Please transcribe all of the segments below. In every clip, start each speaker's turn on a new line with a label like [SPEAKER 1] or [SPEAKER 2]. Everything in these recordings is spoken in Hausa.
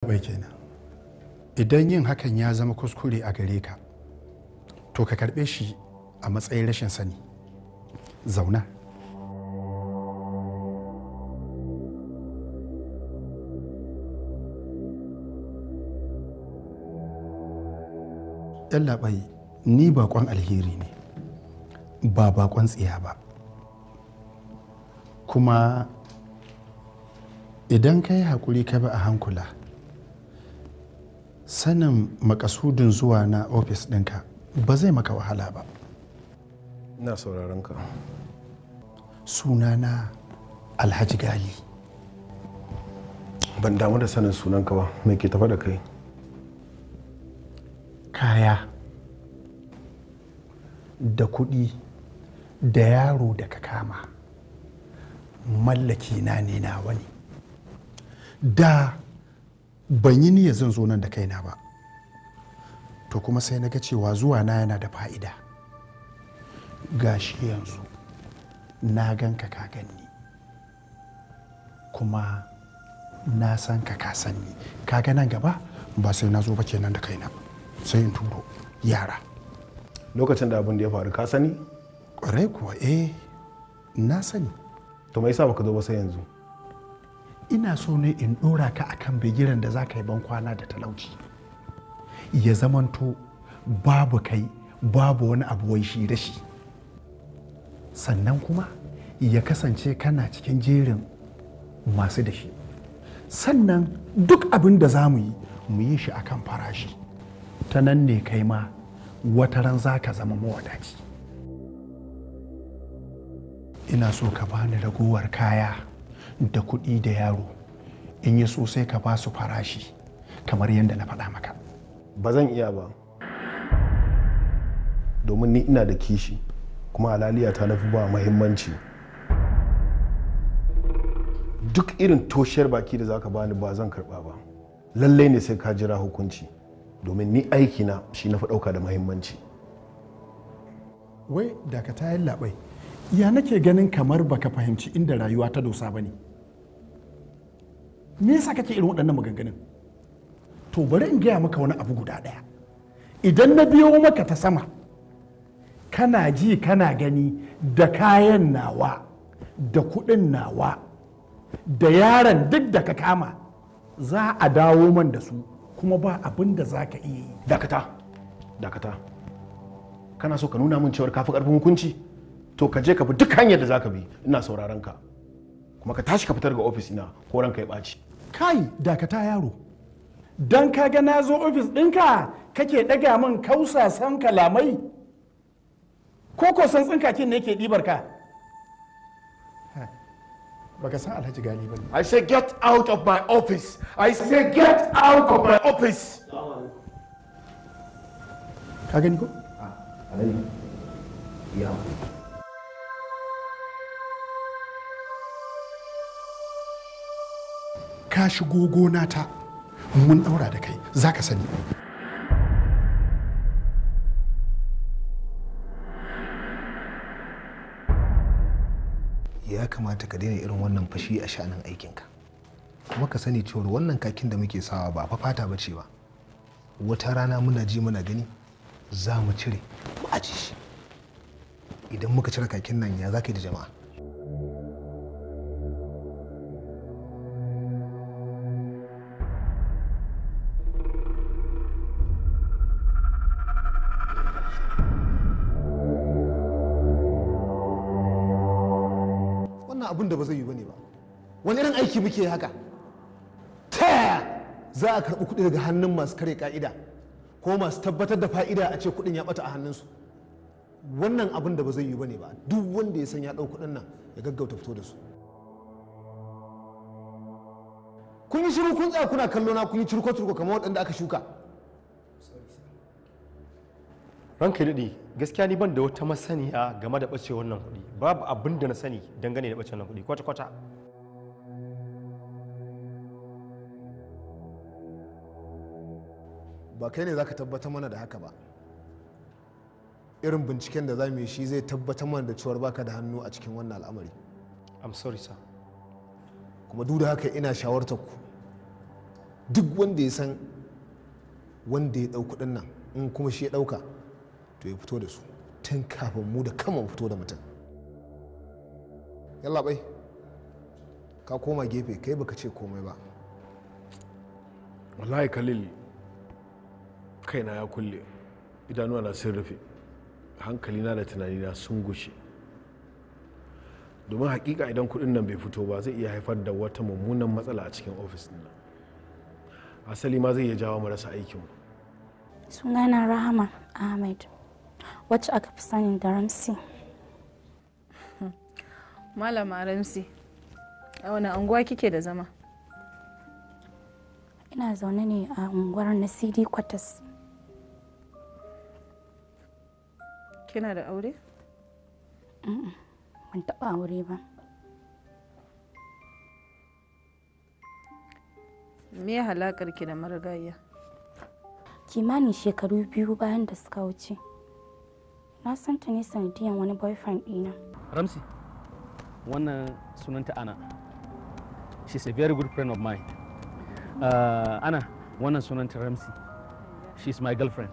[SPEAKER 1] kenan idan yin hakan ya zama kuskure a gare ka to ka karɓe shi a matsayin rashin sani zauna ɗan labai ni bakon alheri ne ba bakon tsiya ba kuma idan ka yi haƙuri ka bi a hankula sanin makasudin zuwa na ofis ɗinka ba zai maka wahala ba na sauraron ka sunana alhaji gali ban damu da sanin sunanka ba mai ke tafa da kai kaya da kuɗi da yaro da ka kama mallaki na ne na wani. da ban yi niyyar zan zo nan da kaina ba to kuma sai na ga cewa zuwa na yana da fa'ida Ga shi yanzu na ganka ka gani kuma na san ka ka Ka ga nan gaba ba sai na zo ba kenan da kaina sai in turo yara lokacin da abin da ya faru ka sani kuwa eh na sani to me sa baka zo ba sai yanzu ina so ne in ɗora ka akan bigiran da za ka yi bankwana da talauci ya zamanto babu kai babu wani abu wai shi da shi sannan kuma ya kasance kana cikin jerin masu da shi sannan duk abin da za mu yi mu yi shi akan farashi ta nan ne kai ma wata za ka zama mawadaci ina so ka bani ragowar kaya da kuɗi da yaro in ya so ka ba su farashi kamar yadda na faɗa maka ba zan iya ba domin ni ina da kishi kuma alaliya ta nafi ba mahimmanci duk irin toshiyar baki da zaka bani ba zan karɓa ba lallai ne sai ka jira hukunci domin ni aikina shi na fi ɗauka da mahimmanci wai dakata yin labai ya nake ganin kamar baka fahimci inda rayuwa ta dosa ba ne me yasa kake irin waɗannan maganganun to bari in gaya maka wani abu guda ɗaya idan na biyo maka ta sama kana ji kana gani da kayan nawa da kuɗin nawa da yaron duk da ka kama za a dawo man da su kuma ba abin da za ka iya yi dakata dakata kana so ka nuna min cewar kafi karfin hukunci to ka je ka bi duk hanyar da za ka bi ina sauraron ka kuma ka tashi ka fitar ga ofis ina ko ranka ya ɓaci kai dakata yaro don ka ga na zo ofis ɗinka kake ɗaga min kausasan kalamai ko ko san tsinkakin ne ke ɗibar ka baka san alhaji gali ba i say get out of my office i say get out of my office ka gani ko ah, alhaji ya ka shigo gona ta mun ɗaura da kai za ka sani ya kamata ka daina irin wannan fashi a sha'anin aikinka kuma ka sani cewar wannan kakin da muke sawa ba fa fata ba ce ba wata rana muna ji muna gani za mu cire a aji shi idan muka cire kakin nan ya za ka yi da jama'a abin da ba zai yi bane ba wani irin aiki muke haka ta za a karɓi kuɗi daga hannun masu kare ka'ida ko masu tabbatar da fa'ida a ce kuɗin ya ɓata a hannunsu wannan abin da ba zai yi bane ba duk wanda ya san ya ɗau kuɗin nan ya gaggauta fito da su kun yi shiru kun tsaya kuna kallo na kun yi cirko cirko kamar waɗanda aka shuka ranka daɗe gaskiya ni ban da wata masaniya game da ɓace wannan kuɗi babu abin da na sani dangane da ɓace wannan kuɗi kwata-kwata ba kai ne za ka tabbatar mana da haka ba irin binciken da za mu yi shi zai tabbatar mana da cewar baka da hannu a cikin wannan al'amari i'm sorry sir kuma duk da haka ina shawartar ku duk wanda ya san wanda ya ɗau kuɗin nan in kuma shi ya ɗauka to ya fito da su tun kafin mu da kama fito da mutum yalla bai ka koma gefe kai baka ce komai ba wallahi khalil kaina ya kulle idanuwa na sun rufe hankali na da tunani na sun gushe domin hakika idan kudin nan bai fito ba zai iya haifar da wata mummunan matsala a cikin ofis nan asali ma zai iya jawo mu rasa Sun
[SPEAKER 2] sunana rahama ahmed wacce aka fi sani da ramsi
[SPEAKER 3] malama ramsi a wani anguwa kike da zama ina zaune
[SPEAKER 2] ne a unguwar na cd quarters
[SPEAKER 3] kina da aure? ban taɓa aure ba me halakar ki da marigayya
[SPEAKER 2] kimanin shekaru biyu bayan da suka wuce na san ta ne sanadiyan wani boyfriend dina.
[SPEAKER 1] Ramsey wannan sunanta ana she's a very good friend of mine uh, ana wannan sunanta she she's my girlfriend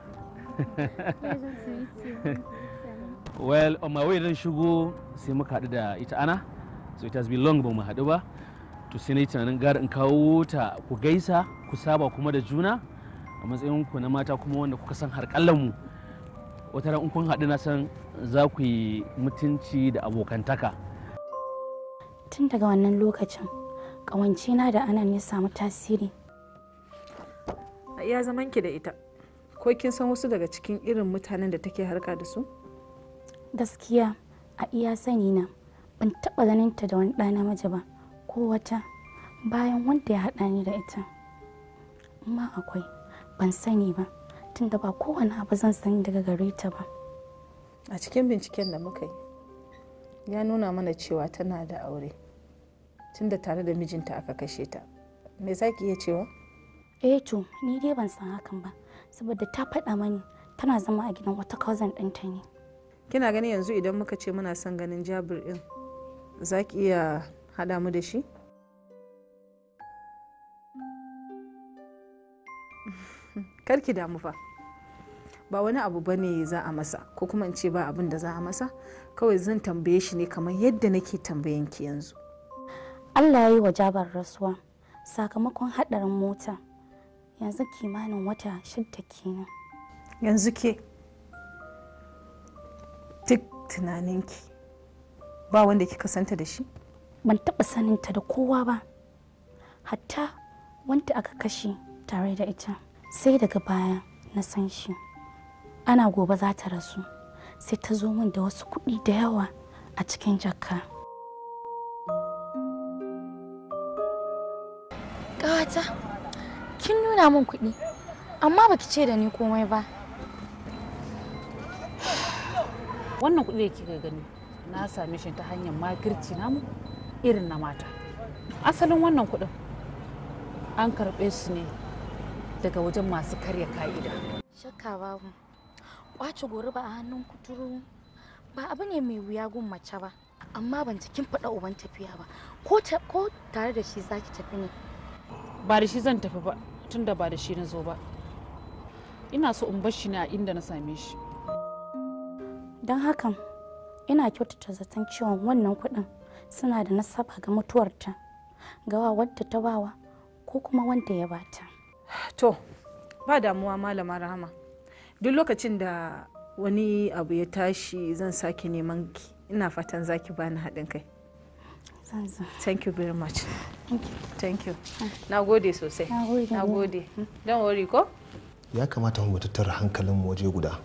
[SPEAKER 1] well on my way don shigo sai muka haɗu da ita ana so it has been long ba mu haɗu ba to sai na yi tunanin gara in kawo ta ku gaisa ku saba kuma da juna a matsayin ku na mata kuma wanda kuka san harƙallan mu wata ran kun haɗu na san za ku yi mutunci da abokantaka
[SPEAKER 2] tun daga wannan lokacin ƙawance na da anan ya samu tasiri
[SPEAKER 3] a iya zaman ki da ita ko kin san wasu daga cikin irin mutanen da take harka da su
[SPEAKER 2] gaskiya a iya sani na ban taɓa ganin ta da wani ɗa namiji ba ko wata bayan wanda ya haɗa ni da ita amma akwai ban sani ba tunda ba kowane abu zan sani daga gare ta ba
[SPEAKER 3] a cikin binciken da muka yi ya nuna mana cewa tana da aure tunda tare da mijinta aka kashe ta me za ki iya cewa eh to
[SPEAKER 2] ni dai ban san hakan ba saboda ta faɗa mani tana zama a gidan wata cousin ɗinta
[SPEAKER 3] ne kina gani yanzu idan muka ce muna son ganin jabir ɗin za ki iya haɗa mu da shi kar ki damu fa ba wani abu ba ne za a masa ko kuma in ce ba abin da za a masa kawai zan tambaye shi ne kamar yadda nake tambayen ki yanzu
[SPEAKER 2] allah ya yi wa jabar rasuwa sakamakon haɗarin mota yanzu kimanin wata shidda kenan yanzu ke duk tunaninki ba wanda kika santa da shi ban taɓa saninta da kowa ba hatta wanda aka kashe tare da ita sai daga baya na san shi ana gobe za ta rasu sai ta zo min da wasu kuɗi da yawa a cikin jakka ƙawata kin nuna min kuɗi amma baki ce da ni komai ba wannan kuɗi da kika gani na same shi ta hanyar makirci namu irin na mata asalin wannan kuɗin an karɓe su ne daga wajen masu karya ka'ida shakka babu kwace gori ba a hannun kuturu ba abu ne mai wuya gun mace ba amma ban kin faɗa uban tafiya ba ko tare da shi zaki tafi ne ba da shi zan tafi ba tun da ba da shi na zo ba ina so in bar shi ne a inda na same shi don hakan ina kyautata zaton ciwon wannan kuɗin suna da nasaba ga mutuwarta gawa wadda ta bawa ko kuma wanda ya bata
[SPEAKER 3] to ba damuwa malama rahama duk lokacin da wani abu ya tashi zan sake neman ki ina fatan zaki bani haɗin kai thank you very much thank you na gode sosai na gode don wari ko
[SPEAKER 1] ya kamata mu tattara hankalinmu waje guda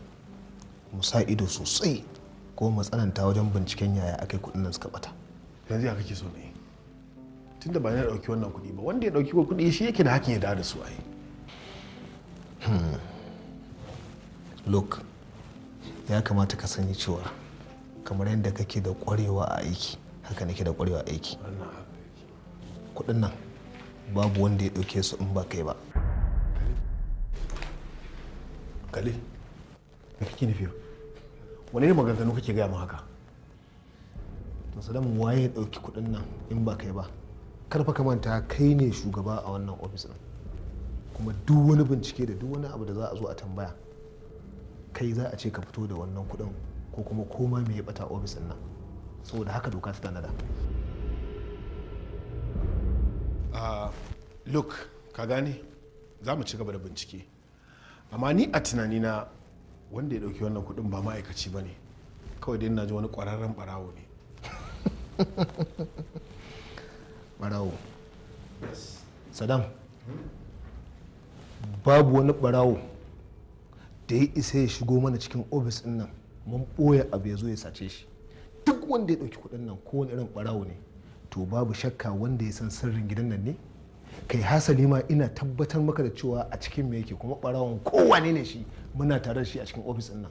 [SPEAKER 1] mu sa ido sosai ko mu tsananta wajen binciken yaya akai kuɗin nan suka bata yanzu ya kake so ne tunda ba na dauki wannan kuɗi ba wanda ya dauki kuɗi shi yake da hakin ya da su ai Hmm. Look, ya kamata ka sani cewa kamar yadda kake da kwarewa a aiki, haka nake da kwarewa a aiki. kudin nan babu wanda ya dauke su in ba kai ba. Kale, me kake nufi? Wani ne maganganu kake gaya mu haka? To Saddam waye ya dauki kudin nan in ba kai ba? Karfa ka manta kai ne shugaba a wannan ofis ɗin. kuma duk wani bincike da duk wani abu da za a zo a tambaya kai za a ce ka fito da wannan kuɗin ko kuma koma mai ya bata ofis nan saboda haka doka ta tanada ah, look ka gane za mu ci gaba da bincike amma ni a tunani na wanda ya ɗauki wannan kuɗin ba ma'aikaci ba ne kawai dai na ji wani kwararren ɓarawo ne ɓarawo saddam hmm? babu wani barawo da ya isa ya shigo mana cikin ofis din nan mun ɓoye abu ya zo ya sace shi duk wanda ya ɗauki kuɗin nan kowane irin barawo ne to babu shakka wanda ya san sirrin gidan nan ne kai hasali ma ina tabbatar maka da cewa a cikin me yake kuma barawon kowane ne shi muna tare da shi a cikin ofis din nan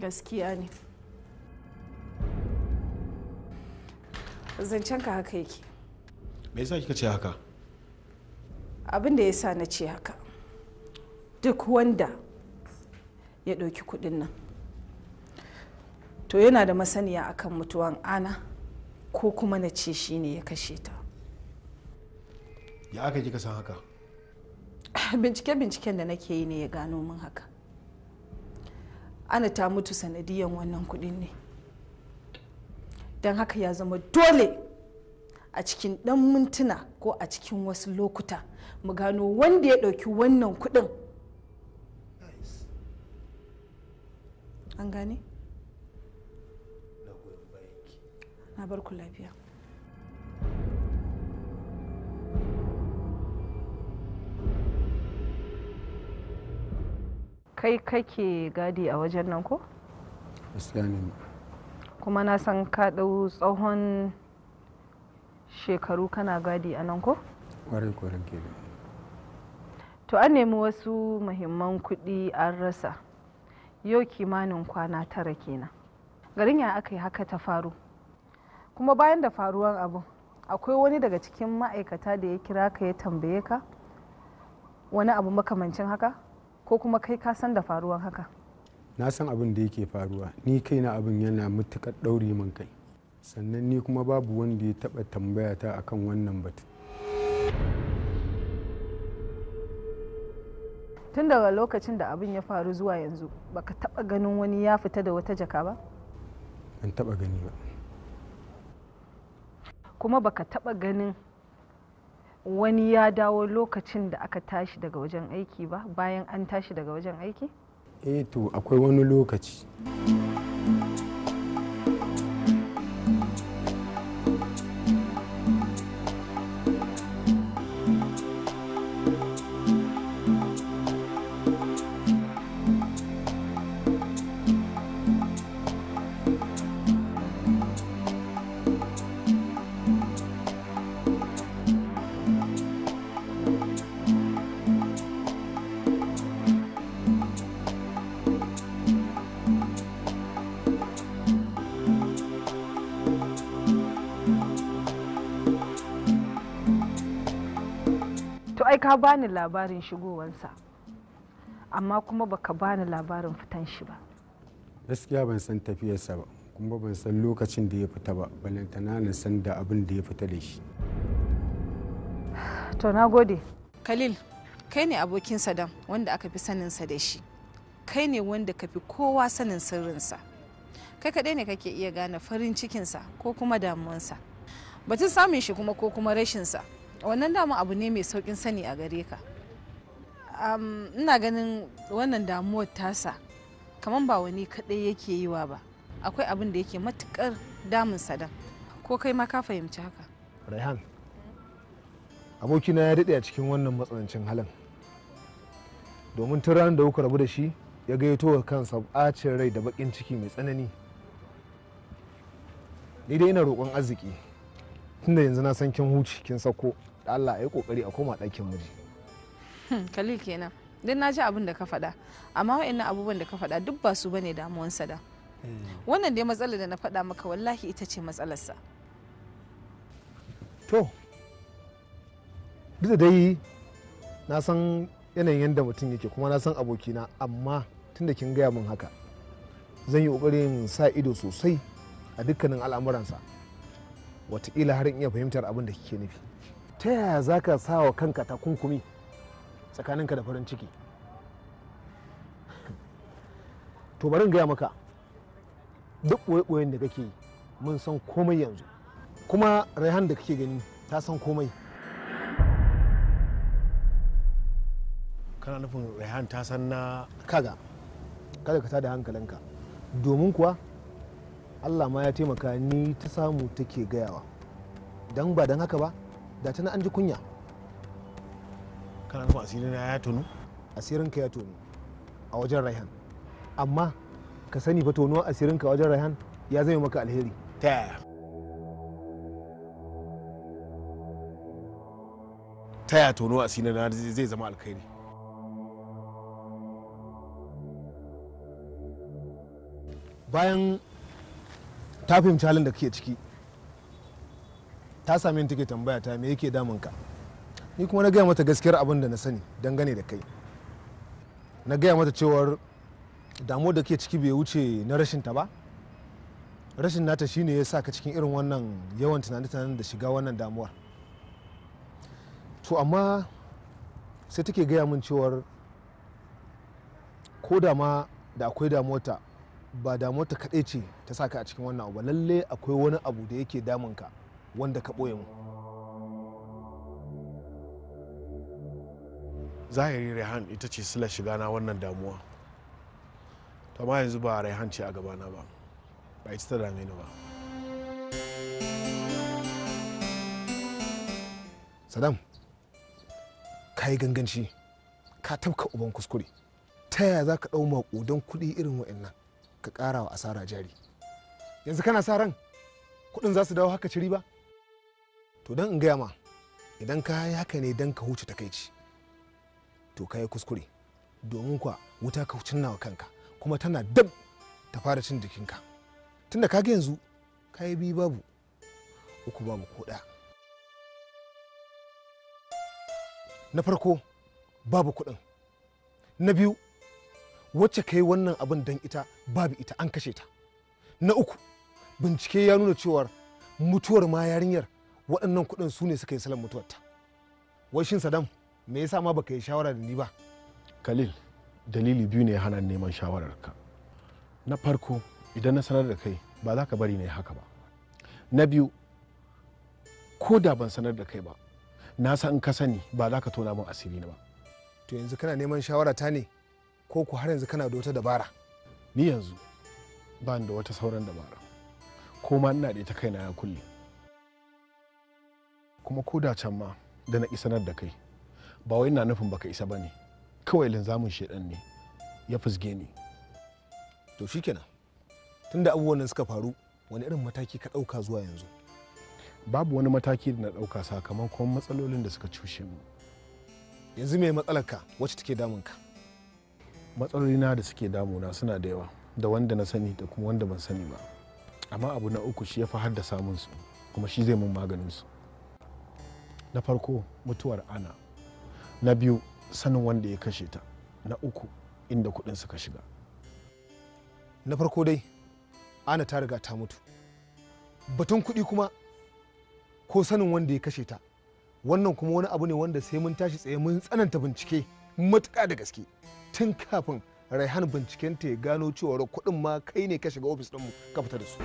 [SPEAKER 3] gaskiya ne zancen ka haka yake
[SPEAKER 1] me yasa kika ce haka
[SPEAKER 3] abin da ya sa na ce haka duk wanda ya ɗauki kudin nan to yana da masaniya akan mutuwan ana ko kuma na ce shi ne ya kashe ta
[SPEAKER 1] ya aka kika san haka
[SPEAKER 3] bincike-binciken da nake yi ne ya gano min haka ana ta mutu sanadiyan wannan kudin ne don haka ya zama dole a cikin ɗan mintuna ko a cikin wasu lokuta mu gano wanda ya ɗauki wannan kuɗin an gane? na bar ku lafiya kai kake gadi a wajen nan ko? kuma na san ka ɗau tsohon shekaru kana gadi a nan ko?
[SPEAKER 1] kwarai kwarai ke
[SPEAKER 3] to an nemi wasu muhimman kuɗi an rasa yau kimanin kwana tara kenan garin ya aka yi haka ta faru kuma bayan da faruwan abu akwai wani daga cikin ma'aikata da ya kira ka ya tambaye ka wani abu makamancin haka ko kuma kai ka san da faruwan haka
[SPEAKER 1] na san abin da yake faruwa ni kaina abin yana matuƙar ɗauri min kai sannan ni kuma babu wanda ya taba tambaya ta akan wannan batun
[SPEAKER 3] tun daga lokacin da abin ya faru zuwa yanzu baka taba ganin wani ya fita da wata jaka ba?
[SPEAKER 1] ban taba gani ba
[SPEAKER 3] kuma baka taba ganin wani ya dawo lokacin da aka tashi daga wajen aiki ba bayan an tashi daga wajen aiki?
[SPEAKER 1] eh to akwai wani lokaci.
[SPEAKER 3] ai ka bani labarin shigowansa amma kuma baka bani labarin fitan shi ba
[SPEAKER 1] gaskiya ban san tafiyarsa ba kuma ban san lokacin da ya fita ba balantana na san da abin da ya fita da shi
[SPEAKER 3] to na gode khalil kai ne abokin sadam wanda aka fi saninsa da shi kai ne wanda ka fi kowa sanin sirrinsa kai kaɗai ne kake iya gane farin cikinsa ko kuma damuwansa batun samun shi kuma ko kuma rashinsa wannan dama abu ne mai saukin sani a gare ka ina ganin wannan damuwar tasa kamar ba wani kaɗai yake yi wa ba akwai abin da yake matukar damun sadan ko kai ma ka fahimci haka
[SPEAKER 1] raihan abokina ya daɗe a cikin wannan matsanancin halin domin tun ranar da kuka rabu da shi ya gaito wa kansa ɓacin rai da bakin ciki mai tsanani ni dai ina roƙon arziki tunda yanzu na san kin huci kin sauko. Allah ya kokari a koma ɗakin miji
[SPEAKER 3] hmm, kalil kenan don na ji abin da ka faɗa amma wa'annan abubuwan da ka faɗa duk ba su bane damuwansa da hmm. wannan dai matsalar da na faɗa maka wallahi ita ce matsalarsa
[SPEAKER 1] to duk da dai na san yanayin yadda mutum yake kuma na san abokina amma tun da kin gaya min haka zan yi ƙoƙarin sa ido sosai a dukkanin al'amuransa wataƙila har in iya fahimtar abin da kike nufi ta yaya za ka sa wa kanka takunkumi tsakaninka da farin ciki to bari gaya maka duk ɓoye-ɓoyen da kake mun san komai yanzu kuma raihan da kake gani ta san komai kana nufin raihan ta san na kaga kada ka tada hankalinka domin kuwa allah ma ya taimaka ni ta samu take gayawa don ba don haka ba da tana an ji kunya kana nufin asirin na ya tonu asirin ka ya tonu a wajen raihan amma ka sani ba tonuwa asirin ka wajen raihan ya zama maka alheri ta yaya ta yaya tonuwa asirin na zai zama alkhairi bayan ta fahimci halin da kake ciki ta same ni take tambaya ta me yake damun ka ni kuma na gaya mata gaskiyar abin da na sani dangane da kai na gaya mata cewar damuwar da ke ciki bai wuce na rashin ta ba rashin nata shine ya sa ka cikin irin wannan yawan tunani-tunanin da shiga wannan damuwar to amma sai take gaya min cewar ko da ma da akwai damuwarta ba damuwarta kaɗai ce ta sa ka a cikin wannan abu lalle akwai wani abu da yake damunka ka wanda ka ɓoye mu zahiri rehan ita ce sila shiga na wannan damuwa ta ma yanzu ba rehan ce a gabana ba ba ita ta dame ni ba sadam ka yi ganganci ka tafka uban kuskure ta yaya za ka ɗau maƙudan kuɗi irin wa'annan ka ƙara wa asara jari yanzu kana sa ran kuɗin za su dawo haka ciri ba. to don in gaya ma idan ka yi haka ne don ka huce takaici to ka yi kuskure domin kuwa wuta ka huce nawa kanka kuma tana dab ta fara cin jikinka tunda ka yanzu ka yi biyu babu uku babu ko ɗaya na farko babu kuɗin na biyu wacce ka yi wannan abin don ita babu ita an kashe ta na uku bincike ya nuna cewar mutuwar ma yarinyar waɗannan kuɗin su ne suka yi salon mutuwarta wai shin sadam me yasa ma baka yi shawara da ni ba kalil dalili biyu ne ya hana neman ka na farko idan na sanar da kai ba za ka bari ne haka ba na biyu ko da ban sanar da kai ba na san in ka sani ba za ka tona min asiri ba to yanzu kana neman shawara ta ne ko ku har yanzu kana da wata dabara ni yanzu ba da wata sauran dabara ko ma ina da ita kaina ya kulle kuma ko da can ma da na isanar da kai ba wai na nufin baka isa ba ne kawai linzamin shaidan ne ya fusge ni to shikenan tunda abubuwan nan suka faru wani irin mataki ka ɗauka zuwa yanzu babu wani mataki da na ɗauka sakamakon matsalolin da suka cushe mu yanzu me ka wacce take damunka na da suke damuna suna da yawa da wanda na sani da kuma wanda ban sani ba amma abu na uku shi ya fi haddasa mun su kuma shi zai mun maganin su na farko mutuwar ana na biyu sanin wanda ya kashe ta na uku inda kudin suka shiga na farko dai ana ta riga ta mutu batun kudi kuma ko sanin wanda ya kashe ta wannan kuma wani abu ne wanda sai mun tashi tsaye mun tsananta bincike matuka da gaske tun kafin raihan binciken ta ya gano cewar kudin ma kai ne ka shiga ofis ɗinmu ka fita da su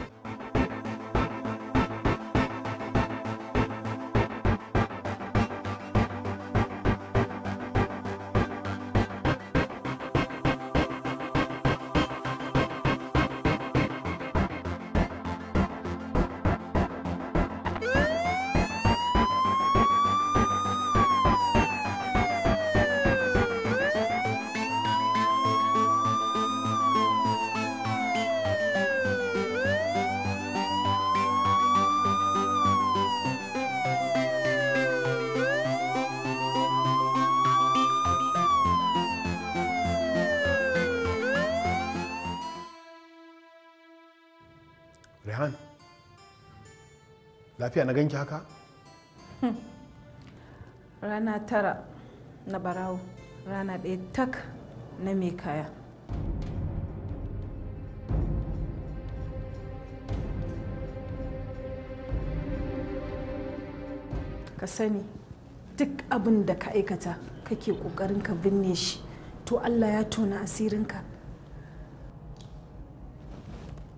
[SPEAKER 1] lafiya na ganki haka hmm.
[SPEAKER 3] rana tara na barawo rana ɗaya tak na mai kaya ka sani duk abin da ka aikata kake ƙoƙarin ka binne shi to allah ya tona asirinka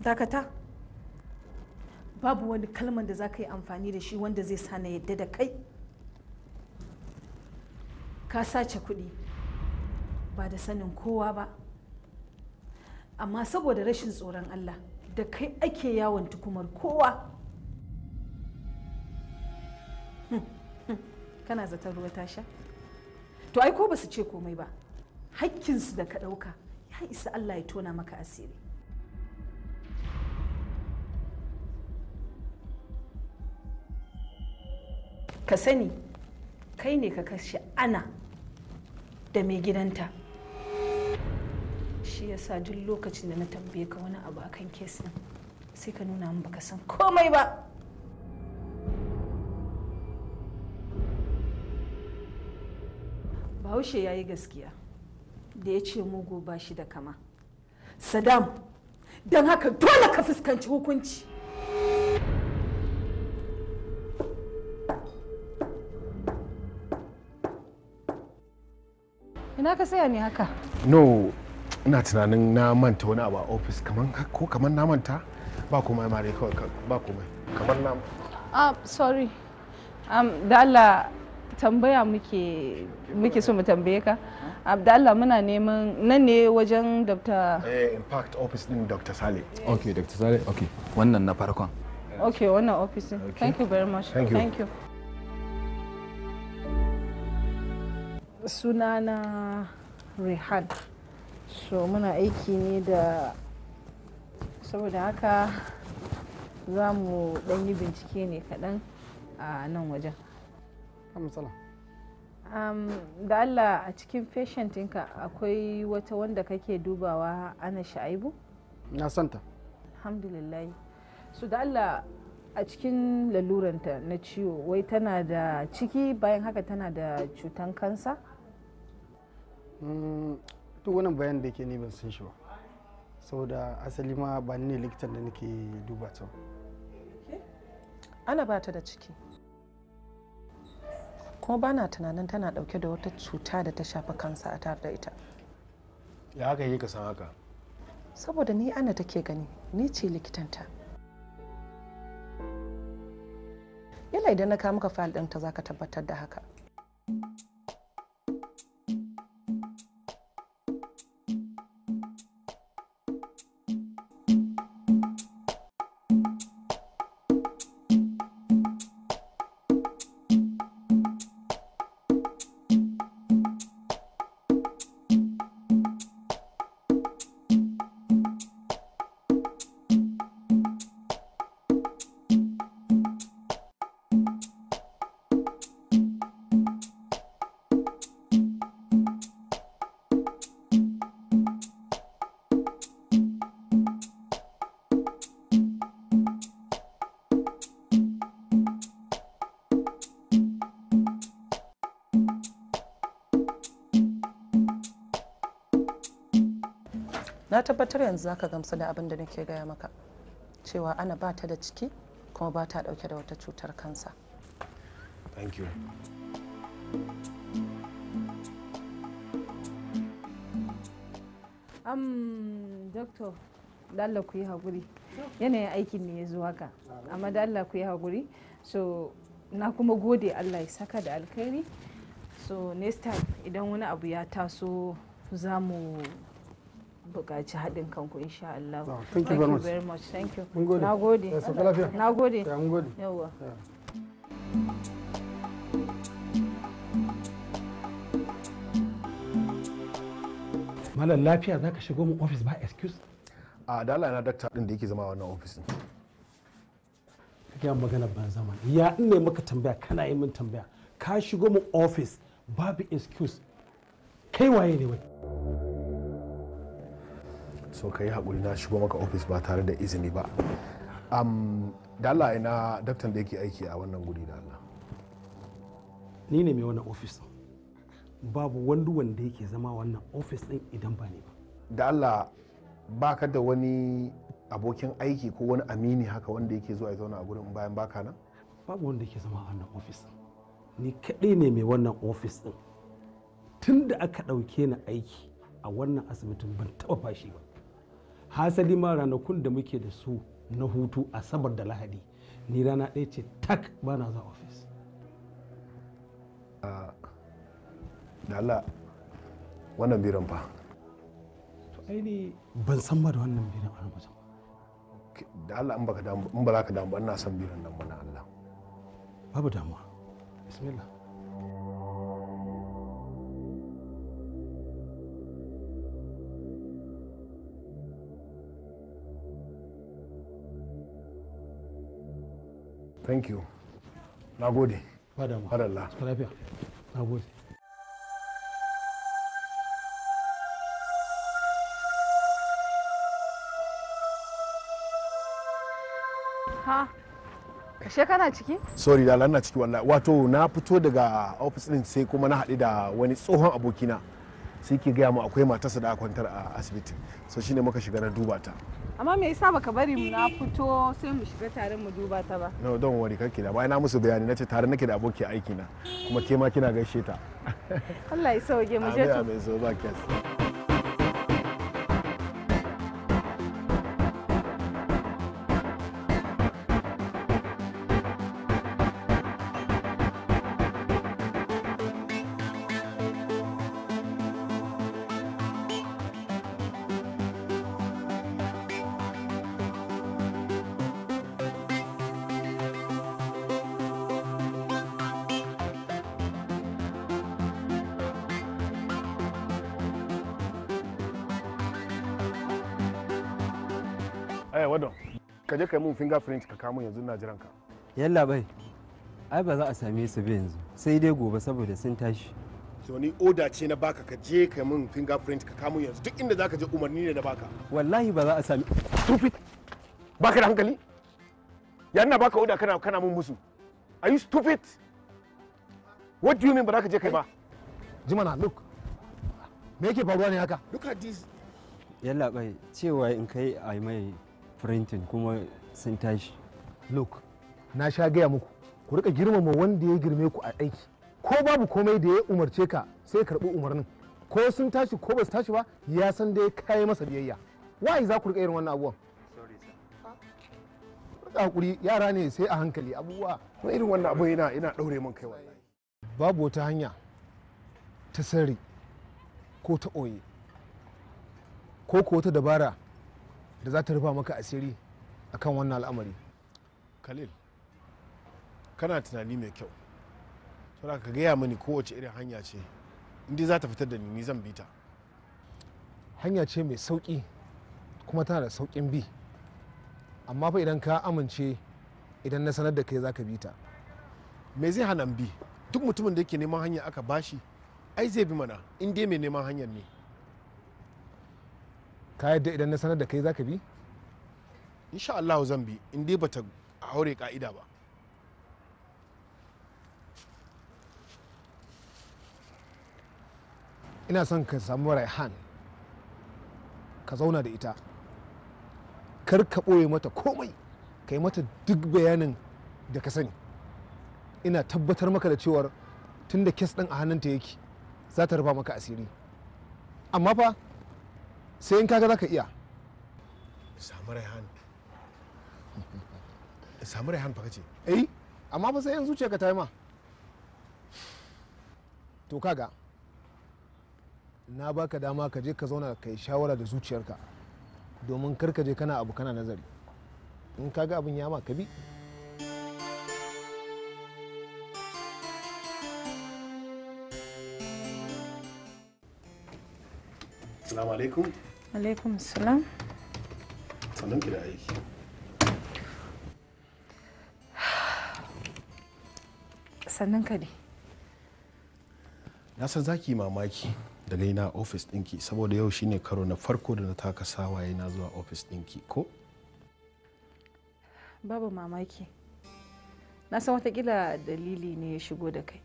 [SPEAKER 3] dakata babu wani kalman da za ka yi amfani da shi wanda zai sa na yadda da kai ka sace kuɗi ba da sanin kowa ba amma saboda rashin tsoron allah da kai ake yawon tukumar kowa hm, hm. kana zaton ruwa ta sha to ai ko ba su ce komai ba hakkinsu da ka ɗauka ya isa allah ya tona maka asiri ka sani kai ne ka kashe ana da mai gidanta shi sa duk lokacin da na tambaye ka wani abu akan kesin sai ka nuna min baka san komai ba bahaushe ya yi gaskiya da ya ce mugu ba shi da kama saddam don haka dole ka fuskanci hukunci ina ka saya ne haka
[SPEAKER 1] no ina tunanin na manta wani abu a ofis kaman ko kaman na manta ba komai ma dai kawai ba komai kaman na
[SPEAKER 3] ah sorry um, da Allah tambaya muke muke so mu tambaye ka abdallah muna neman nan ne wajen dr
[SPEAKER 1] eh impact office din dr sale okay dr sale okay wannan na farkon
[SPEAKER 3] okay wannan office thank you very much thank you, thank you. sunana rehan so muna aiki ne da saboda haka za mu dan yi bincike ne kaɗan a nan wajen da allah a cikin patient ɗinka akwai wata wanda kake dubawa ana sha'ibu? na santa alhamdulillah su da allah a cikin laluranta na ciwo wai tana da ciki bayan haka tana da cutan kansa
[SPEAKER 1] Mm, duk wannan bayan da ke ni ban san shi ba saboda asali ma ba ne likitan da nake duba ta
[SPEAKER 3] ana ba ta da ciki kuma ba na tunanin tana dauke da wata cuta da ta shafi kansa a tare da ita
[SPEAKER 1] ya haka yi ka san haka
[SPEAKER 3] saboda ni ana take gani ni ce likitanta Yana idan na kawo maka fayil ɗin ta zaka tabbatar da haka tabbatar yanzu zaka gamsu da abin da nake gaya maka cewa ana ba ta da ciki kuma ba ta dauke da wata cutar kansa thank you um, doctor dalla ku yi haƙuri yanayin aikin ne ya zo haka amma dalla ku yi haƙuri so na kuma gode allah ya saka da alkhairi so next time idan wani abu ya taso za mu buƙaci haɗin kanku insha Allah thank you very much thank you na gode na gode yawa
[SPEAKER 1] malam lafiya za ka shigo mu ofis ba excuse a Allah na dakta din da yake zama wannan ofis ne kake yan magana ban zama ya in ne muka tambaya kana yi min tambaya ka shigo mu ofis babu excuse kai waye ne wai so ka yi haƙuri na shigo maka ofis ba tare da izini ba um, da Allah ina daktan da yake aiki a wannan guri da Allah ni ne mai wannan ofis babu wani wanda yake zama wannan ofis ɗin idan ba ni ba da Allah ba ka da wani abokin aiki ko wani amini haka wanda yake zuwa ya zauna a gurin bayan baka nan babu wanda yake zama a wannan ofis ni kaɗai ne mai wannan ofis ɗin tun da aka ɗauke ni aiki a wannan asibitin ban taɓa fashi ba hasali ma ranakun da muke da su na hutu asabar da lahadi ni rana ɗaya ce tak ba na zuwa ofis ah, da Allah wannan biran fa to aini ban san ba da wannan biran a rubuta da Allah in ba za ka damu ina son biran nan mana Allah babu damuwa bismillah thank you na gode fadalla lafiya na gode
[SPEAKER 3] ha kashe kana ciki
[SPEAKER 1] sorry da na ciki wallahi wato na fito daga office din sai kuma na haɗu da wani tsohon abokina sai ke gaya mu akwai matarsa da kwantar a asibiti so shine muka shiga na duba ta
[SPEAKER 3] amma me yasa baka bari mu na fito sai mu shiga tare mu duba ta ba
[SPEAKER 1] no don worry kake da bai na musu bayani nace tare nake da aboki aiki na kuma ke ma kina gaishe ta
[SPEAKER 3] Allah ya sauke mu je to amin
[SPEAKER 1] so ba Eh, wado, Ka je ka yi mun fingerprint ka kamun yanzu na jiran ka. Yalla bai. Ai ba za a same su ba yanzu. Sai dai gobe saboda sun tashi. To ni oda ce na baka ka je ka mun fingerprint ka kamun yanzu duk inda zaka je umarni ne na baka. Wallahi ba za a same. Stupid. Baka da hankali? Ya ina baka oda kana kana mun musu. Are you stupid? What do you mean ba za ka je kai ba? Jimana, look. Me yake faruwa ne haka? Look at this. Yalla bai cewa in kai ai mai printing kuma sun tashi look na sha gaya muku ku rika girmama wanda ya girme ku a aiki ko babu komai da ya umarce ka sai karɓi umarnin ko sun tashi ko ba su tashi ba ya san da ya kai masa biyayya wai za ku rika irin wannan abubuwan hakuri yara ne sai a hankali abubuwa kuma irin wannan abu yana ina daure man kai wallahi babu wata hanya ta sari ko ta oye ko ko wata dabara da za ta rufa maka asiri akan wannan al'amari khalil kana tunani mai kyau Tura ka gaya mani kowace irin hanya ce inda za ta fitar da ni ni zan bi hanya ce mai sauƙi kuma tana da saukin bi amma fa idan ka amince idan na sanar da kai za ka bi ta me zai hana bi duk mutumin da yake neman hanya aka bashi ai zai bi mana in dai mai neman hanyar ne ka yadda idan na sanar da kai zaka bi insha Allah zan bi in dai bata aure ka'ida ba ina son ka samu raihan ka zauna da ita kar ka ɓoye mata komai ka yi mata duk bayanin da ka sani ina tabbatar maka da cewar tun da kes ɗin a hannunta yake za ta rufa maka asiri amma fa sai in kaga zaka iya samu raihan samu raihan fa kace eh amma ba sai yanzu zuciya ka tayi ma to kaga na baka dama ka je ka zauna ka yi shawara da zuciyarka domin kar ka je kana abu kana nazari in kaga abin ya ma ka bi Assalamu alaikum.
[SPEAKER 3] alaikum salam sannan ki sannan ka
[SPEAKER 1] na san za ki mamaki da gaina ofis ɗinki saboda yau shine karo na farko da na taka sawaye na zuwa ofis ɗinki ko
[SPEAKER 3] babu mamaki na san watakila dalili ne ya shigo da kai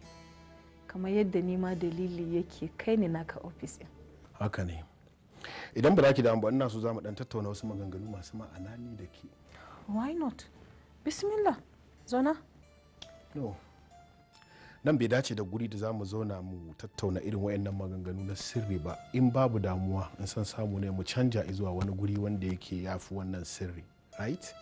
[SPEAKER 3] kamar yadda nima dalili yake kai ne naka ofis ɗin
[SPEAKER 1] haka ne idan ba ki da ba ina so za mu dan tattauna wasu maganganu masu ma'ana ni da ke
[SPEAKER 3] why not bismillah zona
[SPEAKER 1] no nan bai dace da guri da za mu zauna mu tattauna irin wayannan maganganu na sirri ba in babu damuwa in san samu ne mu canja zuwa wani guri wanda yake yafi wannan sirri right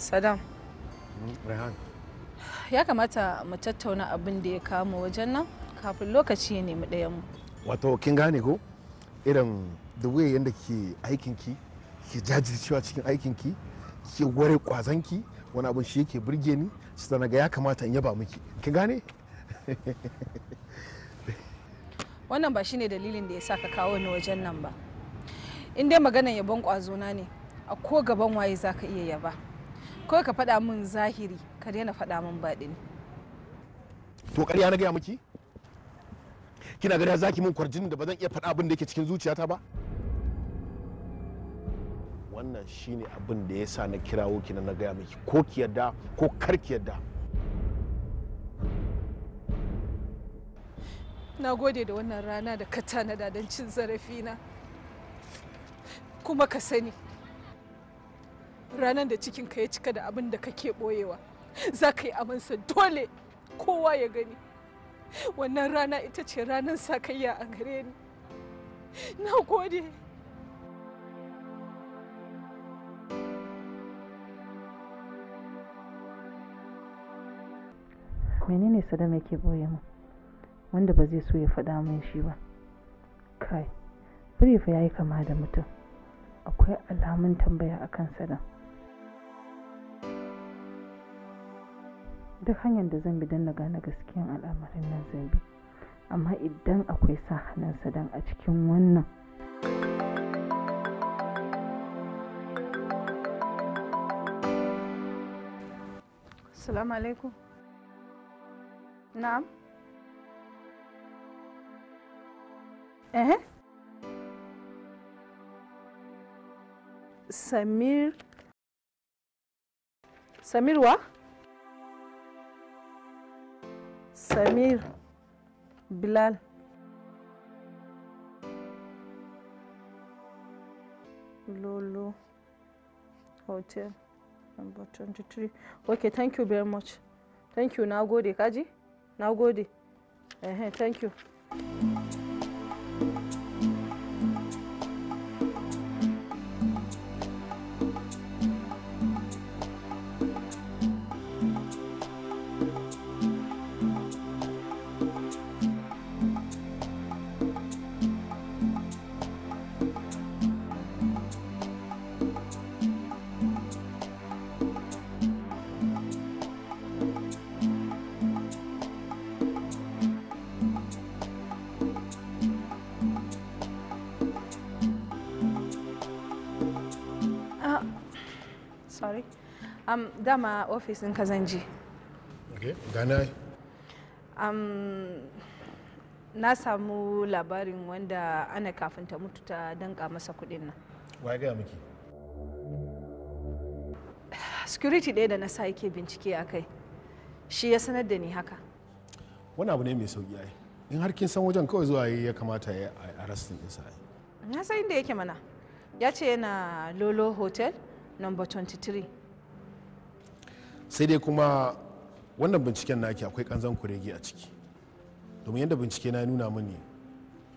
[SPEAKER 1] Saddam. Rehan.
[SPEAKER 3] Ya kamata mu tattauna abin da ya kama wajen nan kafin lokaci ya nemi ɗayan mu.
[SPEAKER 1] Wato kin gane ko? Irin da way yadda ke aikin ki ke jajircewa cikin aikin ki ke ware ki wani abin shi yake burge ni, su ga ya kamata in yaba miki. Kin gane?
[SPEAKER 3] Wannan ba shine dalilin da ya sa ka kawo ni wajen nan ba. In dai maganar yabon kwazona ne, a ko gaban waye za ka iya yaba. ko ka faɗa min zahiri ka daina faɗa min baɗini
[SPEAKER 1] to ƙarya na gaya miki kina gani za ki min kwarjin da ba zan iya faɗa abin da yake cikin zuciyata ba wannan shine abin da ya sa na kirawo ki na gaya miki ko ki yadda ko kar ki yadda
[SPEAKER 3] na gode da wannan rana da ka tanada don cin zarafi na kuma ka sani ranar da cikin ka ya cika da abin da kake boyewa za ka yi amansa dole kowa ya gani wannan rana ita ce ranar sakayya a gare ni na gode menene sadam yake boye mu wanda ba zai so ya faɗa min shi ba kai birifa ya yi kama da mutum akwai alamun tambaya a kan sadam duk hanyar da zan bi don na gane gaskiyan al'amarin nan zan bi amma idan akwai sa hannunsa don a cikin wannan salamu alaikum. Na'am. Eh? Samir. Samirwa? samir bilal lolo hotel number 23 okay thank you very much thank you go there, kaji Uh -huh, thank you sorry um, dama ofisin ka zan je
[SPEAKER 1] okay gana
[SPEAKER 3] um, na samu labarin wanda ana kafin ta mutu ta danka masa kudin nan wa gaya miki security ɗaya da na sa yake bincike a kai shi ya sanar da ni haka
[SPEAKER 1] wani abu ne mai sauki ai in har kin san wajen kawai zuwa ya kamata ya arrestin ɗinsa ai
[SPEAKER 3] na san inda yake mana ya ce yana lolo hotel number 23
[SPEAKER 1] sai dai kuma wannan binciken naki akwai kanzan kurege a ciki domin yadda bincike na nuna mini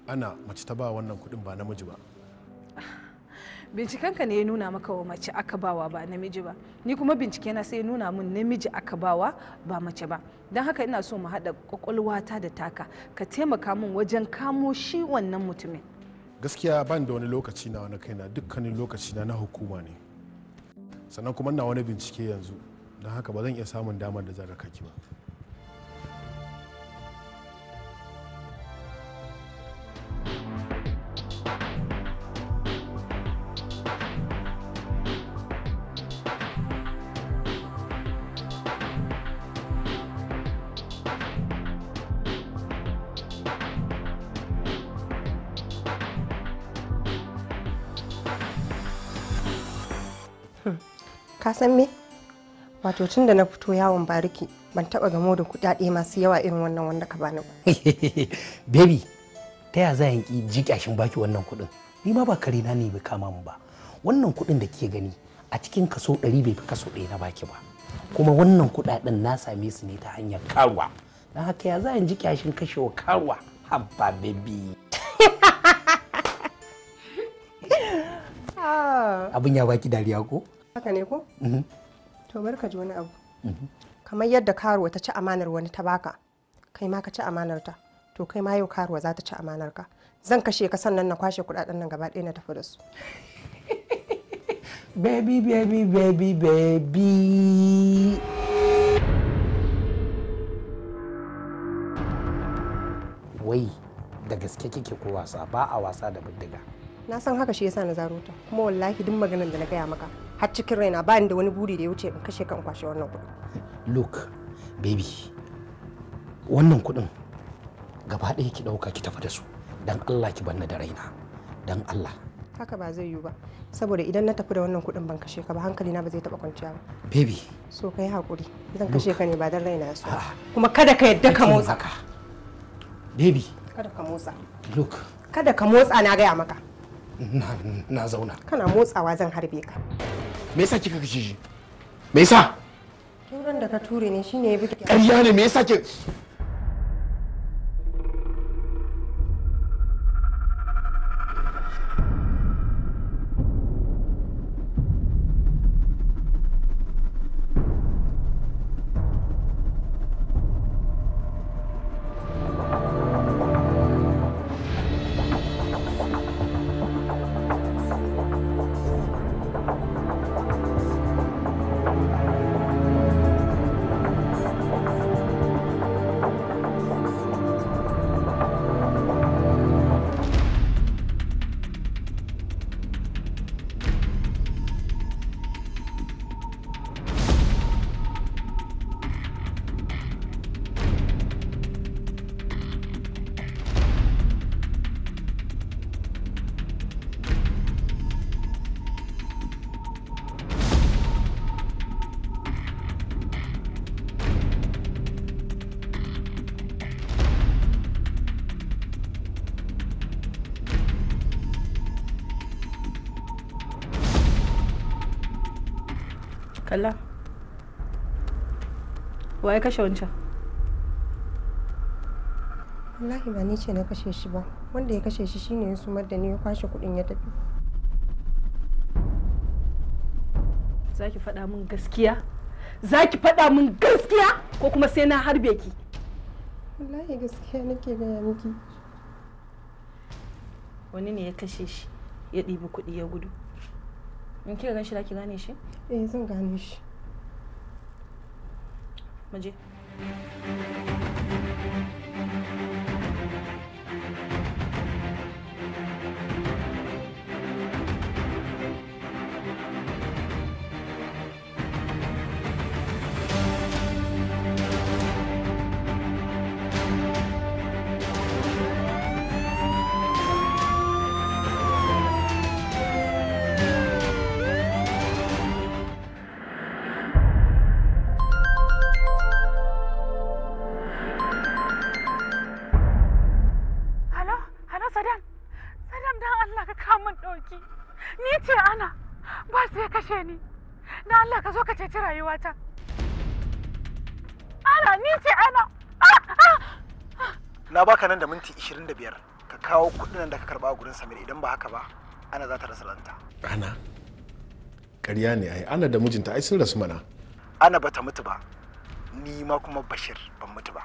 [SPEAKER 1] ana mace ta ba wannan kudin ba namiji ba
[SPEAKER 3] bincikenka ne ya nuna maka wa mace aka bawa ba namiji ba ni kuma bincike na sai ya nuna mun namiji aka bawa ba mace ba don haka ina so mu haɗa kwakwalwata da taka ka taimaka min wajen kamo shi wannan mutumin
[SPEAKER 1] gaskiya ban da wani lokaci na wani kaina dukkanin lokaci na na hukuma ne sannan kuma na wani bincike yanzu don haka ba zan iya samun damar da zan raka ki ba
[SPEAKER 4] ka san me wato tun da na fito yawon bariki ban taba gamo da kudade masu yawa irin wannan wanda ka bani ba baby
[SPEAKER 1] ta ya za yanki ji kyashin baki wannan kudin ni ma ba kare na ne bai kama mu ba wannan kudin da ke gani a cikin kaso 100 bai fi kaso 1 na baki ba kuma wannan kudaden na same su ne ta hanyar Karwa, na haka ya za in ji kashewa Karwa, habba baby
[SPEAKER 4] ah. abin
[SPEAKER 1] ya baki dariya ko haka ne ko mm-hmm.
[SPEAKER 4] to ka ji wani abu mm-hmm. kamar yadda karuwa ta ci amanar wani ta baka kai ma ka ci amanar ta to kai ma yau karuwa za ta ci amanar ka zan kashe ka sannan na kwashe kudaden nan gaba ɗaya na tafi da su
[SPEAKER 1] baby baby baby baby wai da gaske kike ko wasa ba a wasa da bindiga
[SPEAKER 4] na san haka shi yasa na zaro ta kuma wallahi duk maganar da na gaya maka har cikin raina ba ni da wani buri da ya wuce in kashe kan kwashe wannan kuɗin
[SPEAKER 1] look baby wannan kuɗin gaba ɗaya ki ɗauka ki tafi da su dan Allah ki banna da raina dan Allah
[SPEAKER 4] haka ba zai yiwu ba saboda idan na tafi da wannan kuɗin ban kashe ka ba hankali na ba zai taɓa kwanciya ba baby so kai hakuri zan kashe ka ne ba dan raina so ah. kuma kada ka yadda ka motsa ka baby kada ka motsa look kada ka motsa na gaya maka na zauna kana motsawa zan harbe ka
[SPEAKER 1] me yasa kika kashe shi me yasa
[SPEAKER 4] turan da ka ture ne shine ya bi ƙarya ne me yasa kika kalla ya kashe wancan wallahi ba ni ce na kashe shi ba wanda ya kashe shi shine ya sumar da ni ya kwashe kudin ya tafi
[SPEAKER 3] za ki faɗa min gaskiya
[SPEAKER 4] za ki faɗa min
[SPEAKER 3] gaskiya ko kuma sai na harbe ki
[SPEAKER 4] wallahi gaskiya nake gaya miki
[SPEAKER 3] wani ne ya kashe shi ya ɗibi kuɗi ya gudu
[SPEAKER 4] in kika gan shi ki gane shi eh zan gane shi mu
[SPEAKER 1] nan da minti 25 ka kawo kudin da ka karba a gurin samir idan ba haka ba ana za ta rasa ranta ana ƙarya ne ai ana da mijinta ai sun rasu mana ana bata mutu ba ni ma kuma bashir ban mutu ba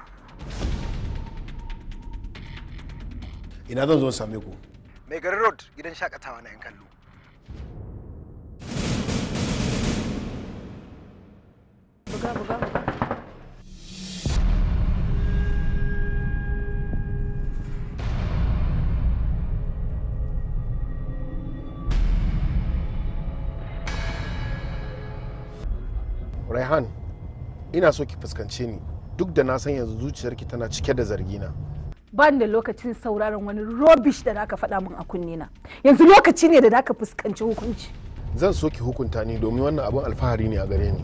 [SPEAKER 1] ina zan zo same ku mai garin road gidan shakatawa na yan kallo buga buga Rehan ina so ki fuskance ni duk da na san yanzu zuciyarki tana cike da zargi zargina.
[SPEAKER 3] Ban da lokacin sauraron wani rubbish da zaka faɗa min a kunnena. Yanzu lokaci ne da zaka fuskanci hukunci.
[SPEAKER 1] Zan so ki hukunta ni domin wannan abin alfahari ne a gare ni.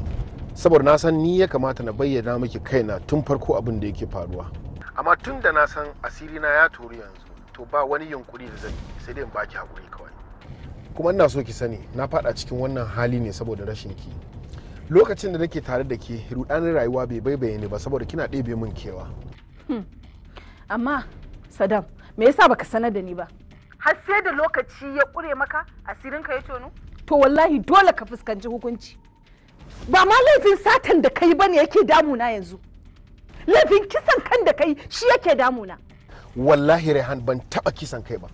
[SPEAKER 1] Saboda na san ni ya kamata na bayyana miki kaina tun farko abin da yake faruwa. Amma tun da na san asirina ya tori yanzu, to ba wani yunkuri da zan yi sai dai in baki hakuri kawai. Kuma ina so ki sani na faɗa cikin wannan hali ne saboda rashin ki. lokacin da nake tare da ke rudanin rayuwa bai baibaye ne ba saboda kina ɗebe min kewa
[SPEAKER 3] hmm. amma sadam me yasa baka sanar da ni ba har sai da lokaci ya ƙure maka asirin ka ya tonu to wallahi dole ka fuskanci hukunci ba ma laifin satan da kai bane yake damu na yanzu laifin kisan kan da kai shi yake damu na.
[SPEAKER 1] wallahi rehan ban taba kisan kai ba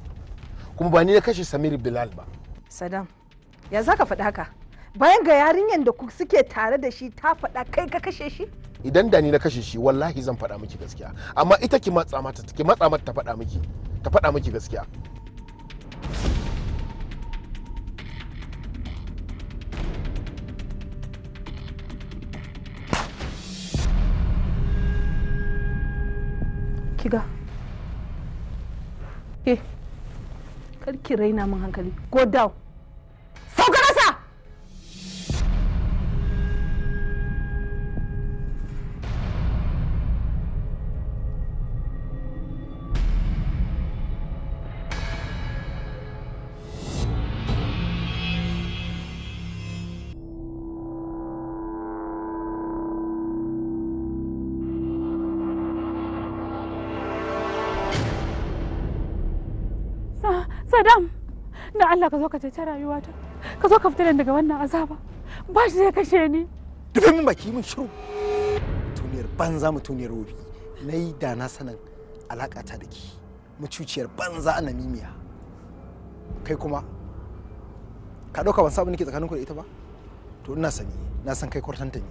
[SPEAKER 1] kuma ba ni na kashe samir bilal ba
[SPEAKER 3] sadam ya ka faɗi haka bayan ga yarinyar da suke tare da shi ta faɗa kai ka kashe shi
[SPEAKER 1] idan da ni na kashe shi wallahi zan faɗa miki gaskiya amma ita ki matsa mata ki matsa mata ta faɗa miki ta faɗa miki gaskiya
[SPEAKER 3] kiga ke kar ki raina min hankali go down
[SPEAKER 2] madam na Allah ka zo ka cece rayuwata ka zo ka fita daga wannan azaba ba shi zai kashe ni dubi min
[SPEAKER 1] baki mun shiru tuniyar banza mutuniyar tuniyar na yi da na sanin alakata da ke mucuciyar banza a namimiya kai kuma ka ɗauka ban sabu nake tsakaninku da ita ba to ina sani na san kai kwartanta ne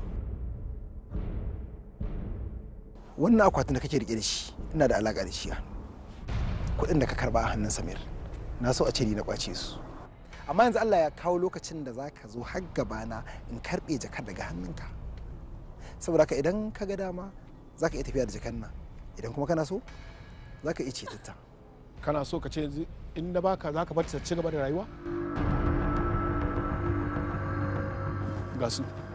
[SPEAKER 1] wannan akwatin da kake rike da shi ina da alaka da shi kuɗin da ka karba a hannun samir na so a ce ni na kwace su amma yanzu Allah ya kawo lokacin da za ka zo har gabana in karbe jakar daga hannunka saboda ka idan ka ga dama za ka iya tafiya da jakar nan idan kuma kana so za ka iya cetatta kana so ka ce in da baka za ka ta ci gaba da rayuwa ga su